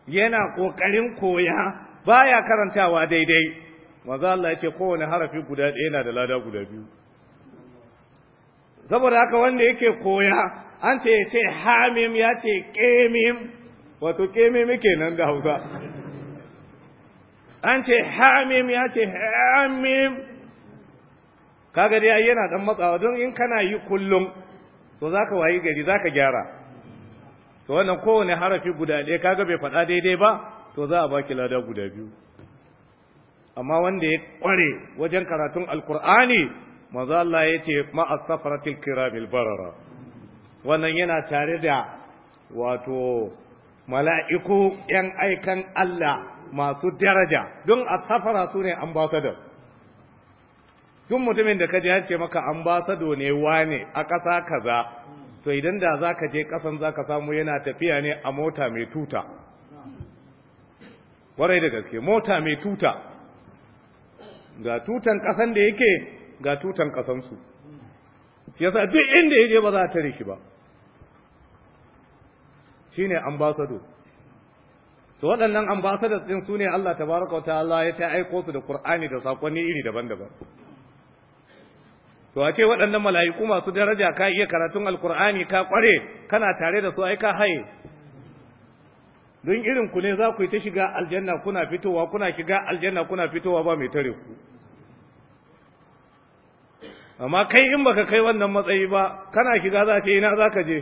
yana kokarin koya baya karantawa daidai maza Allah yace kowane harafi guda ɗaya yana da lada guda biyu saboda haka wanda yake koya an ce ya ce hamim ya ce kemim wato kemim kenan da Hausa an ce hamim ya ce hamim kaga dai yana ɗan matsawa don in kana yi kullum to zaka wayi gari zaka gyara to wannan kowane harafi guda ɗaya kaga bai faɗa daidai ba to za a baki lada guda biyu amma wanda ya kware wajen karatun alkur'ani manzo Allah ya ce ma'a kiramil barara wannan yana tare da wato mala'iku ‘yan aikan Allah masu daraja don a safara su ne ambasador tun mutumin da ka ji ce maka ambasador ne wane a ƙasa kaza to idan da za ka je ƙasan za ka samu yana tafiya ne a mota mai tuta warai da gaske mota mai tuta ga tutan ƙasan da yake ga tutan ƙasansu yasa duk inda ya je ba za a tare shi ba shine ambasador to waɗannan ambassadors din sune Allah baraka wa ta'ala ya ta aiko su da Qur'ani da sakonni iri daban-daban to a ce waɗannan mala'iku masu daraja ka iya karatun alkur'ani ka kware kana tare da su ai ka haye don irin ku ne za ku yi ta shiga aljanna kuna fitowa kuna shiga aljanna kuna fitowa ba mai tare ku amma kai in baka kai wannan matsayi ba kana shiga za ta ina za ka je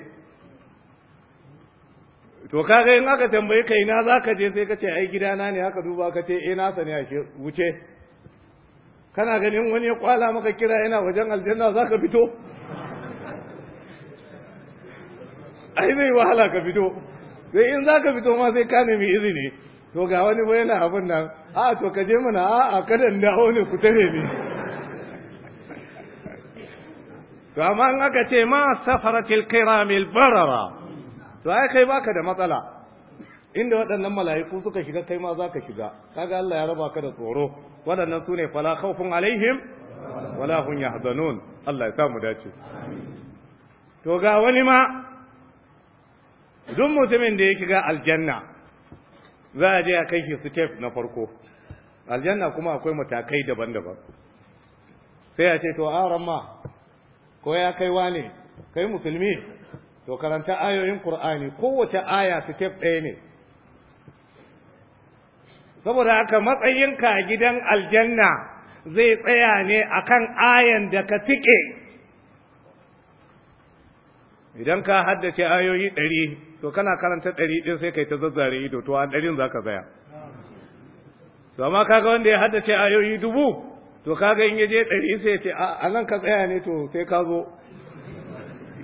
to kaga in aka tambaye ka ina za ka je sai ka ce ai gidana ne haka duba ka ce eh sani a ke wuce kana ganin wani ya kwala maka kira yana wajen aljanna za ka fito ai zai wahala ka fito sai in za ka fito ma sai ka nemi izini to ga wani bai yana abin nan a to ka je mana a a kada dawo ne ku tare ni to amma in aka ce ma safaratil kiramil barara to ai kai baka da matsala inda waɗannan mala'iku suka shiga kai ma zaka shiga kaga Allah ya raba ka da tsoro waɗannan sune fala khawfun alaihim wala hum yahzanun Allah ya sa mu dace to ga wani ma duk mutumin da ya shiga aljanna za a je a kai shi step na farko aljanna kuma akwai matakai daban-daban sai a ce to aran ma ko ya kai wane kai musulmi to karanta ayoyin Qur'ani kowace aya step ɗaya ne saboda haka matsayinka a gidan aljanna zai tsaya ne akan ayan da ka tike idan ka haddace ayoyi ɗari to kana karanta ɗari ɗin sai kai ta zazzare ido to a ɗarin za ka tsaya to amma kaga wanda ya haddace ayoyi dubu to kaga in yaje ɗari sai ya ce a nan ka tsaya ne to sai ka zo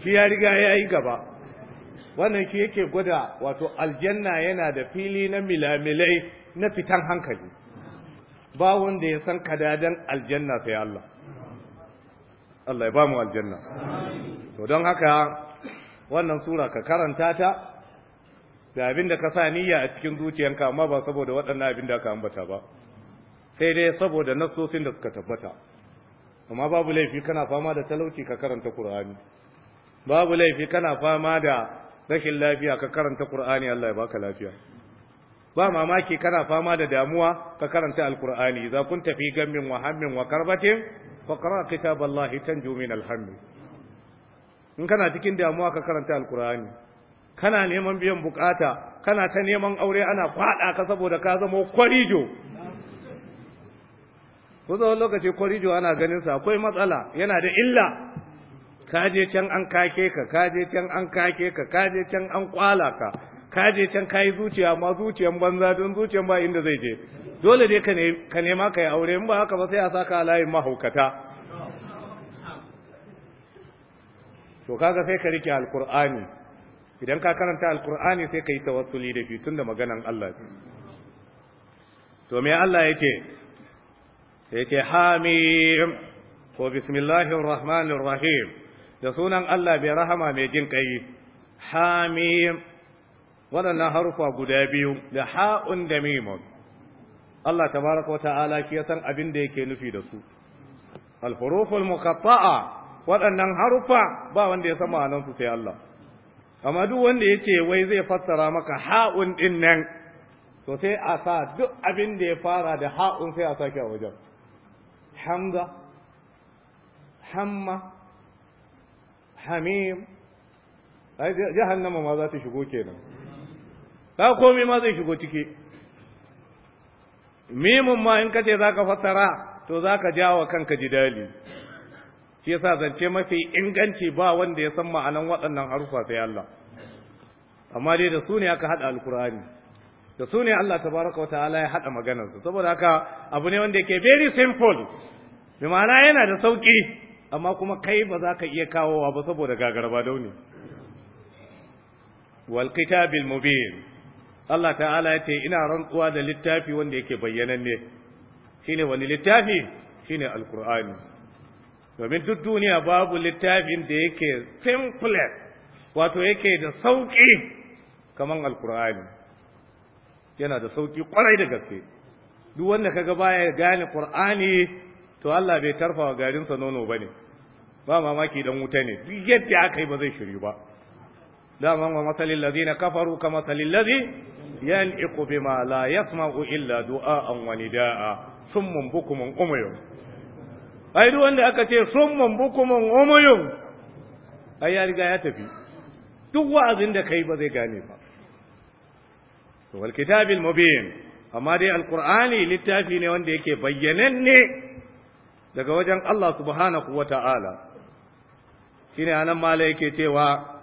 shi ya riga ya yi gaba wannan shi yake gwada wato aljanna yana da fili na milamilai na fitan hankali ba wanda ya san kadadan aljanna sai Allah Allah ya ba mu aljanna to don haka wannan sura ka karanta ta da abin da ka sa niyya a cikin zuciyanka amma ba saboda waɗannan abin da ka ambata ba sai dai saboda nasosin da suka tabbata amma babu laifi kana fama da talauci ka karanta Qur'ani babu laifi kana fama da rashin lafiya ka karanta Qur'ani Allah ya baka lafiya ba mamaki kana fama da damuwa ka karanta alqur'ani idza kunta fi gammin wa hammin wa karbatin faqra kitaballahi tanju min alhammi in kana cikin damuwa ka karanta alqur'ani kana neman biyan bukata kana ta neman aure ana kwada ka saboda ka zama kwarijo ko da lokaci kwarijo ana ganin sa akwai matsala yana da illa ka je can an kake ka ka je can an kake ka ka je can an kwala ka ka can kai zuciya ma zuciyan banza don zuciyan ba inda zai je dole dai ka nema ka yi aure in ba haka ba sai a saka a layin mahaukata to kaga sai ka rike alkur'ani idan ka karanta alqur'ani sai ka yi tawassuli da shi tunda maganan Allah ne to me Allah yake yake hamim ko bismillahir rahmanir rahim da sunan Allah mai rahama mai jin kai hamim waɗannan harufa guda biyu da ha'un da mimun Allah tabaraka ta'ala ki san abin da yake nufi da su al-huruful muqatta'a waɗannan harufa ba wanda ya san nan su sai Allah amma duk wanda ce wai zai fassara maka ha'un din nan to sai a sa duk abin da ya fara da ha'un sai a sake a wajen hamza hamma hamim ai jahannama ma za ta shigo kenan ba komai ma zai shigo ciki mimun ma in kace zaka fassara to zaka jawo kanka ji jidali shi yasa zance mafi inganci ba wanda ya san ma'anan waɗannan harufa sai Allah amma dai da su ne aka hada alkur'ani da su ne Allah tabaraka wa ta'ala ya hada maganarsa saboda haka abu ne wanda yake very simple bi ma'ana yana da sauƙi. amma kuma kai ba za ka iya kawowa ba saboda gagarba dauni wal kitabil mubin Allah ta'ala ya ce ina rantsuwa da littafi wanda yake bayyananne ne wani littafi Shi ne Alƙur'ani. domin duk duniya babu littafin da yake simple wato yake da sauƙi kamar Alƙur'ani, yana da sauƙi ƙwarai da gaske duk wanda kaga baya gane ƙur'ani, to Allah bai tarfa wa garinsa nono ba ne. ba mamaki dan wuta ne duk yadda aka yi ba zai shiri ba dama wa na ladina kafaru ka masalin ladhi yan'iqu bima la yasma'u illa wani da'a. Sun summun bukumun umuyun ai duk wanda aka ce summun bukumun umuyun ai ya riga ya tafi duk wa'azin da kai ba zai gane ba to wal kitabil mubin amma dai alqur'ani littafi ne wanda yake bayyananne daga wajen Allah subhanahu wata'ala shine anan mala yake cewa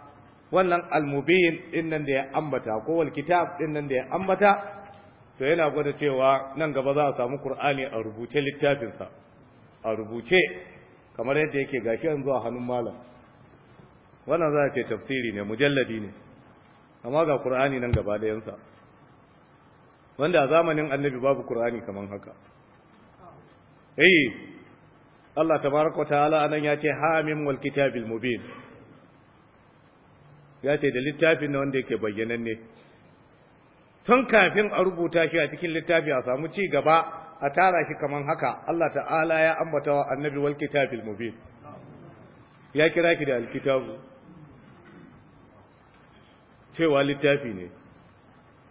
wannan almubin din nan da ya ambata ko wal kitab din nan da ya ambata to yana gwada cewa nan gaba za a samu qur'ani a rubuce littafin sa a rubuce kamar yadda yake gashi yanzu a hannun malam wannan za a ce tafsiri ne mujalladi ne amma ga qur'ani nan gaba da yansa wanda a zamanin annabi babu qur'ani kaman haka eh Allah tabaraka ta'ala anan ya ce hamim wal kitabil mubin ya ce da littafin na wanda yake ne. tun kafin a rubuta shi a cikin littafi a samu ci gaba a tara shi kaman haka Allah ta'ala ya ambata wa annabi wal kitabil mubin ya kira ki da alkitabu cewa littafi ne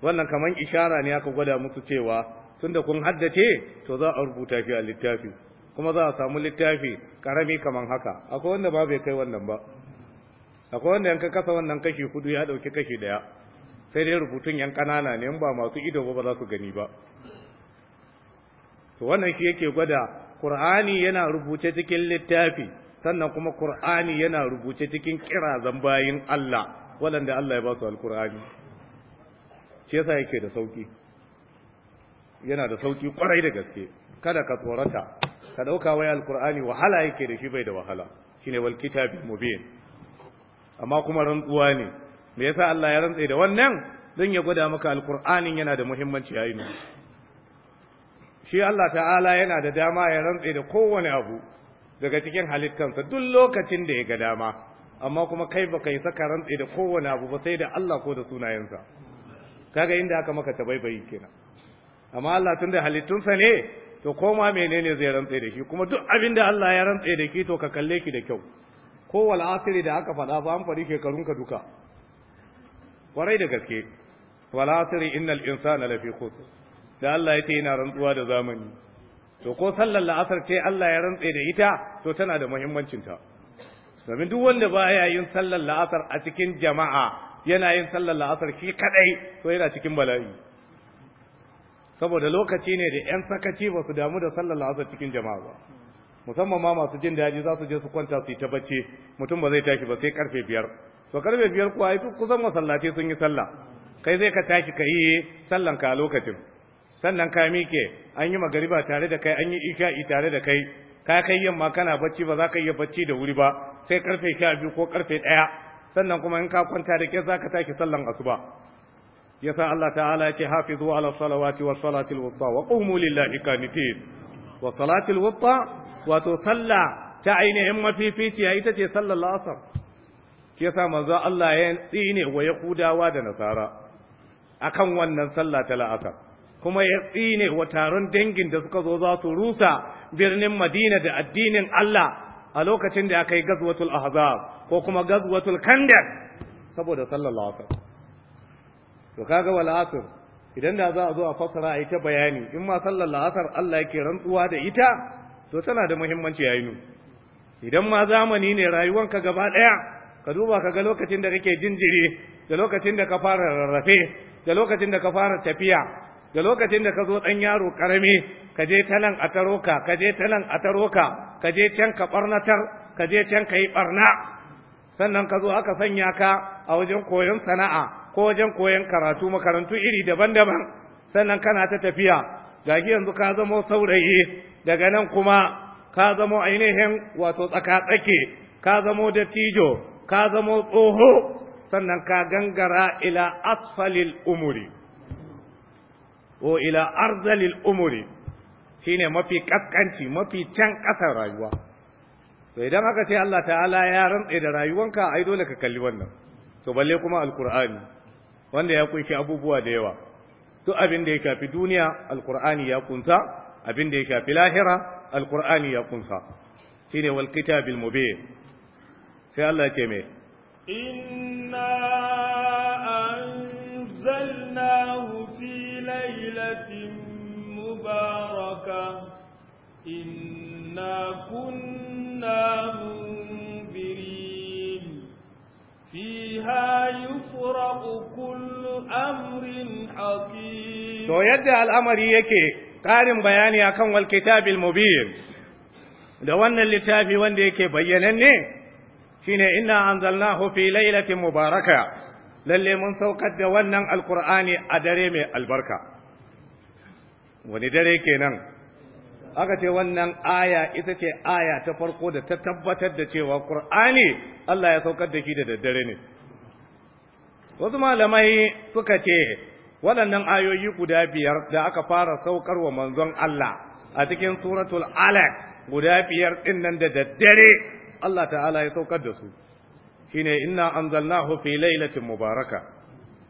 wannan kaman ishara ne aka gwada musu cewa tunda kun haddace to za a rubuta shi a littafi kuma za a samu littafi karami kamar haka akwai wanda ba bai kai wannan ba akwai wanda yanka kasa wannan kashi hudu ya dauki kashi daya sai dai rubutun yan kanana ne ba masu ido ba za su gani ba to wannan shi yake gwada Qur'ani yana rubuce cikin littafi sannan kuma Qur'ani yana rubuce cikin kirazan bayin Allah wanda Allah ya ba su alqur'ani shi yasa yake da sauki yana da sauki kwarai da gaske kada ka tsorata ka dauka wai alqur'ani wahala yake da shi bai da wahala shine wal kitab mubin amma kuma rantsuwa ne me yasa Allah ya rantsa da wannan dan ya gwada maka alqur'anin yana da muhimmanci yayi ne shi Allah ta'ala yana da dama ya rantsa da kowane abu daga cikin halittansa duk lokacin da ya ga dama amma kuma kai baka yi saka rantsa da kowane abu ba sai da Allah ko da sunayensa kaga inda aka maka tabaibayi kenan amma Allah tun da halittunsa ne to koma menene zai rantse da shi kuma duk abin da Allah ya rantse da ki to ka kalle ki da kyau ko wal asiri da aka faɗa fa an faɗi shekarun ka duka kwarai da gaske wal asiri innal insana lafi khusr da Allah ya ce yana rantsuwa da zamani to ko sallar la'asar ce Allah ya rantse da ita to tana da muhimmancin ta domin duk wanda baya yin sallar la'asar a cikin jama'a yana yin sallar la'asar shi kadai to yana cikin bala'i saboda lokaci ne da yan sakaci ba su damu da sallar la'asar cikin jama'a ba musamman ma masu jin daji za su je su kwanta su yi ta bacci mutum ba zai tashi ba sai karfe biyar to karfe biyar kuwa ai kusan masallaci sun yi sallah kai zai ka tashi ka yi sallan ka a lokacin sannan ka miƙe an yi magariba tare da kai an yi isha'i tare da kai ka kai yamma kana bacci ba za ka iya bacci da wuri ba sai karfe sha biyu ko karfe ɗaya sannan kuma in ka kwanta da ke za ka tashi sallan asuba yasa Allah ta'ala ya ce hafizu ala salawati wa salati al wa qumu lillahi qanitin wa salati al wato salla ta ainihin ya ita ce sallar la'asar shi yasa manzo Allah ya tsine wa yahudawa da nasara akan wannan sallah ta la'asar kuma ya tsine wa taron dangin da suka zo za su rusa birnin Madina da addinin Allah a lokacin da aka yi gazwatul ahzab ko kuma gazwatul kandar saboda sallar la'asar. to kaga wal asr idan da za a zo a fassara a yi ta bayani in ma sallar la'asar Allah yake rantsuwa da ita to tana da muhimmanci yayin idan ma zamani ne rayuwanka gaba ɗaya ka duba ka ga lokacin da kake jinjiri da lokacin da ka fara rarrafe da lokacin da ka fara tafiya da lokacin da ka zo dan yaro karami ka je ta nan a taro ka ka je ta a taro ka ka je can ka barnatar ka je can ka yi barna sannan ka zo aka sanya ka a wajen koyon sana'a ko wajen koyon karatu makarantu iri daban-daban sannan kana ta tafiya gagi yanzu ka zamo saurayi daga nan kuma ka zamo ainihin wato tsaka-tsake ka zamo dattijo ka zamo tsoho sannan ka gangara ila asfalil umuri ko ila arzalil umuri shine mafi kaskanci mafi can ƙasar rayuwa to idan aka ce Allah ta'ala ya rantse da rayuwanka ai dole ka kalli wannan to balle kuma alkur'ani wanda ya kunshi abubuwa da yawa duk abin da ya shafi duniya alqur'ani ya kunsa abin da ya shafi lahira alqur'ani ya kunsa shine wal kitabil mubin sai Allah ya ce me inna anzalnahu fi lailatin mubarakah inna kunna fiha yufraqu kullu amrin hakim to yadda al'amari yake ƙarin bayani akan wal kitabil mubin da wannan littafi wanda yake bayyananne shine inna anzalnahu fi lailatin mubaraka lalle mun saukar da wannan alqur'ani a dare mai albarka wani dare kenan aka ce wannan aya ita ce aya ta farko da ta tabbatar da cewa Qur'ani Allah ya saukar da shi da daddare ne wasu malamai suka ce waɗannan ayoyi guda biyar da aka fara saukar wa manzon Allah a cikin suratul alaq guda biyar ɗin nan da daddare Allah ta'ala ya saukar da su shine inna anzalnahu fi lailatin mubaraka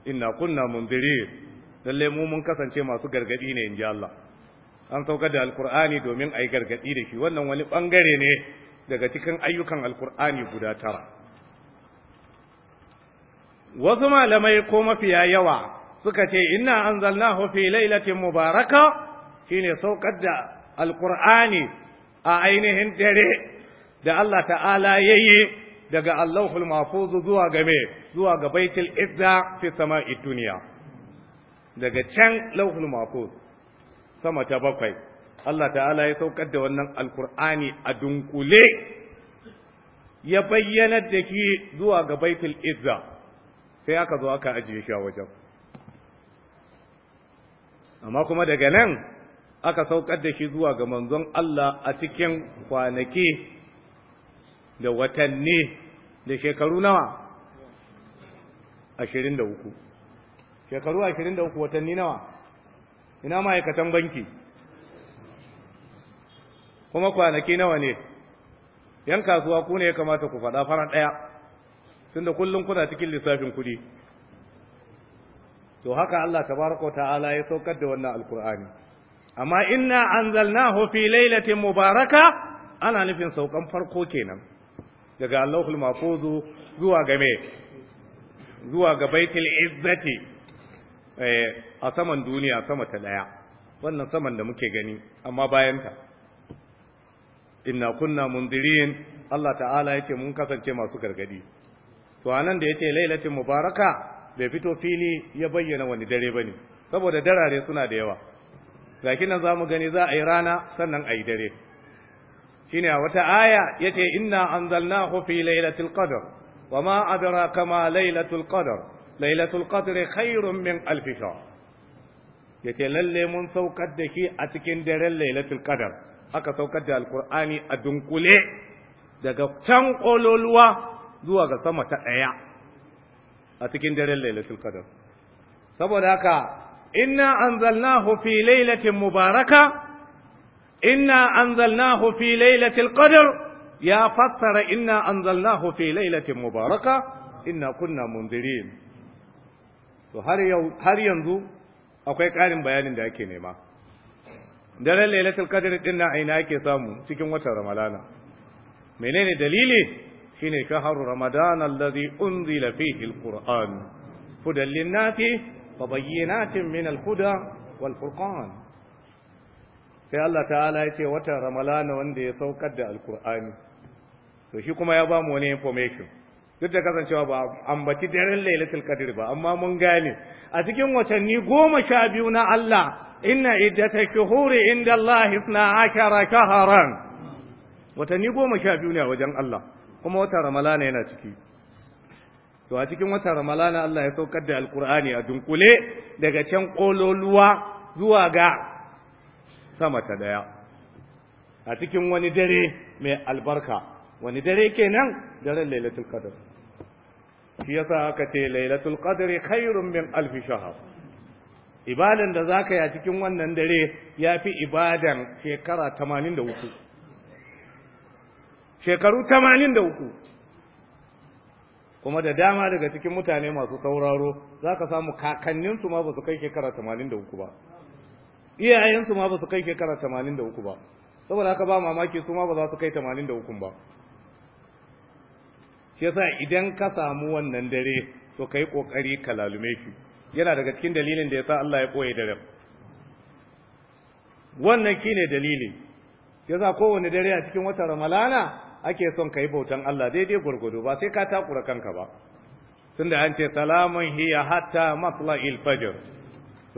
inna kunna mundirin lalle mu mun kasance masu gargadi ne inji Allah an saukar da alkur'ani domin a yi gargaɗi da shi wannan wani ɓangare ne daga cikin ayyukan alkur'ani guda tara wasu malamai ko mafiya yawa suka ce an zalna hafi lailatin mubaraka shi ne saukar da alkur'ani a ainihin dare da Allah ta'ala ya yi daga Allahul mahfuz zuwa game zuwa ga baitul izza fi sama'i duniya daga can lauhul mahfuz sama ta bakwai Allah ta'ala ya saukar da wannan alkur'ani a dunkule ya bayyana da zuwa ga baitul izza sai aka zo aka ajiye shi a wajen amma kuma daga nan aka saukar da shi zuwa ga manzon Allah a cikin kwanaki da watanni da shekaru nawa ashirin da uku shekaru ashirin da uku watanni nawa ina ma'aikatan banki kuma kwanaki nawa ne yan kasuwa ku ne ya kamata ku faɗa faran ɗaya tunda kullum kuna cikin lissafin kuɗi to haka Allah tabaraka ta'ala ya saukar da wannan alkur'ani amma inna anzalnahu fi lailatin mubaraka ana nufin saukan farko kenan daga Allahul mafuzu zuwa game zuwa ga baitul izzati Eh, a saman duniya sama ta daya wannan saman da muke gani amma bayanta inna kunna mundirin Allah ta'ala yace mun kasance masu gargadi to anan da yace lailatul mubaraka bai fito fili ya bayyana wani dare ba ne, saboda darare suna da yawa zaki nan zamu gani za a yi rana sannan a yi dare shine a wata aya yace inna anzalnahu fi lailatul qadr wama adraka kama lailatul qadr lailatul qadri khairun min alf shahr yace lalle mun saukar da shi a cikin daren lailatul qadar aka saukar da alqur'ani a dunkule daga can kololuwa zuwa ga sama ta daya a cikin daren lailatul qadar saboda haka inna anzalnahu fi lailatin mubaraka inna anzalnahu fi lailatul qadr ya fassara inna anzalnahu fi lailatin mubaraka inna kunna mundirin to har yanzu akwai ƙarin bayanin da ake nema daren lailatul qadr din nan aina ake samu cikin watan ramadana menene dalili shine shahru ramadan alladhi unzila fihi alquran hudan linnati wa bayyinatin min alhuda wal furqan sai Allah ta'ala ya ce watan ramadana wanda ya saukar da alqur'ani to shi kuma ya bamu wani information duk da kasancewa ba ambaci daren lailatul qadr ba amma mun gane a cikin watanni goma sha biyu na Allah inna iddata shuhuri inda Allah 12 ashara shahran watanni goma sha biyu ne a wajen Allah kuma watan ramalana yana ciki to a cikin watan ramalana Allah ya saukar da alqur'ani a dunkule daga can kololuwa zuwa ga sama ta daya a cikin wani dare mai albarka wani dare kenan daren lailatul qadr shi yasa aka ce lailatul qadri khairun min alf shahr ibadan da zaka yi a cikin wannan dare yafi ibadan shekara 83 shekaru 83 kuma da dama daga cikin mutane masu sauraro zaka samu kakanninsu ma ba su kai shekara 83 ba iyayensu ma ba su kai shekara 83 ba saboda haka ba mamaki su ma ba za su kai 83 ba shi yasa idan ka samu wannan dare to kai kokari ka lalume shi yana daga cikin dalilin da yasa Allah ya koye dare wannan kine dalili yasa kowanne dare a cikin wata Ramalana ake son kai bautan Allah daidai gurgudu ba sai ka takura kanka ba tunda an ce salamun hiya hatta matla'il fajr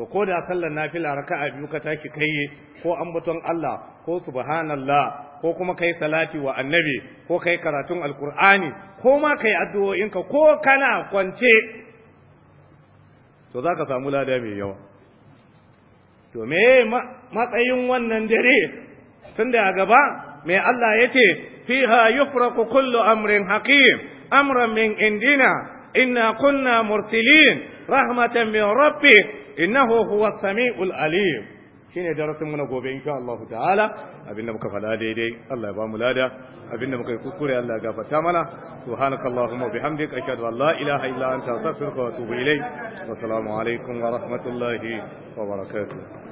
to ko da sallar nafila raka'a biyu ka tashi kai ko ambaton Allah ko subhanallah ko kuma kai salati wa annabi ko kai karatun alkur'ani ko ma kai addu'o'inka ko kana kwance to za ka samu lada mai yawa to me matsayin wannan dare tunda a gaba mai Allah ya ce fiha yufraku kullu amrin hakim amran min indina inna kunna mursilin rahmatan min rabbi innahu huwa samiul alim shine darasin mu na gobe insha Allah ta'ala abinda muka fada daidai Allah ya ba mu lada abinda muka yi kuskure Allah ya gafarta mana subhanakallahumma wa bihamdika ashhadu an la ilaha illa anta astaghfiruka wa atubu ilayk wa assalamu alaikum wa rahmatullahi wa barakatuh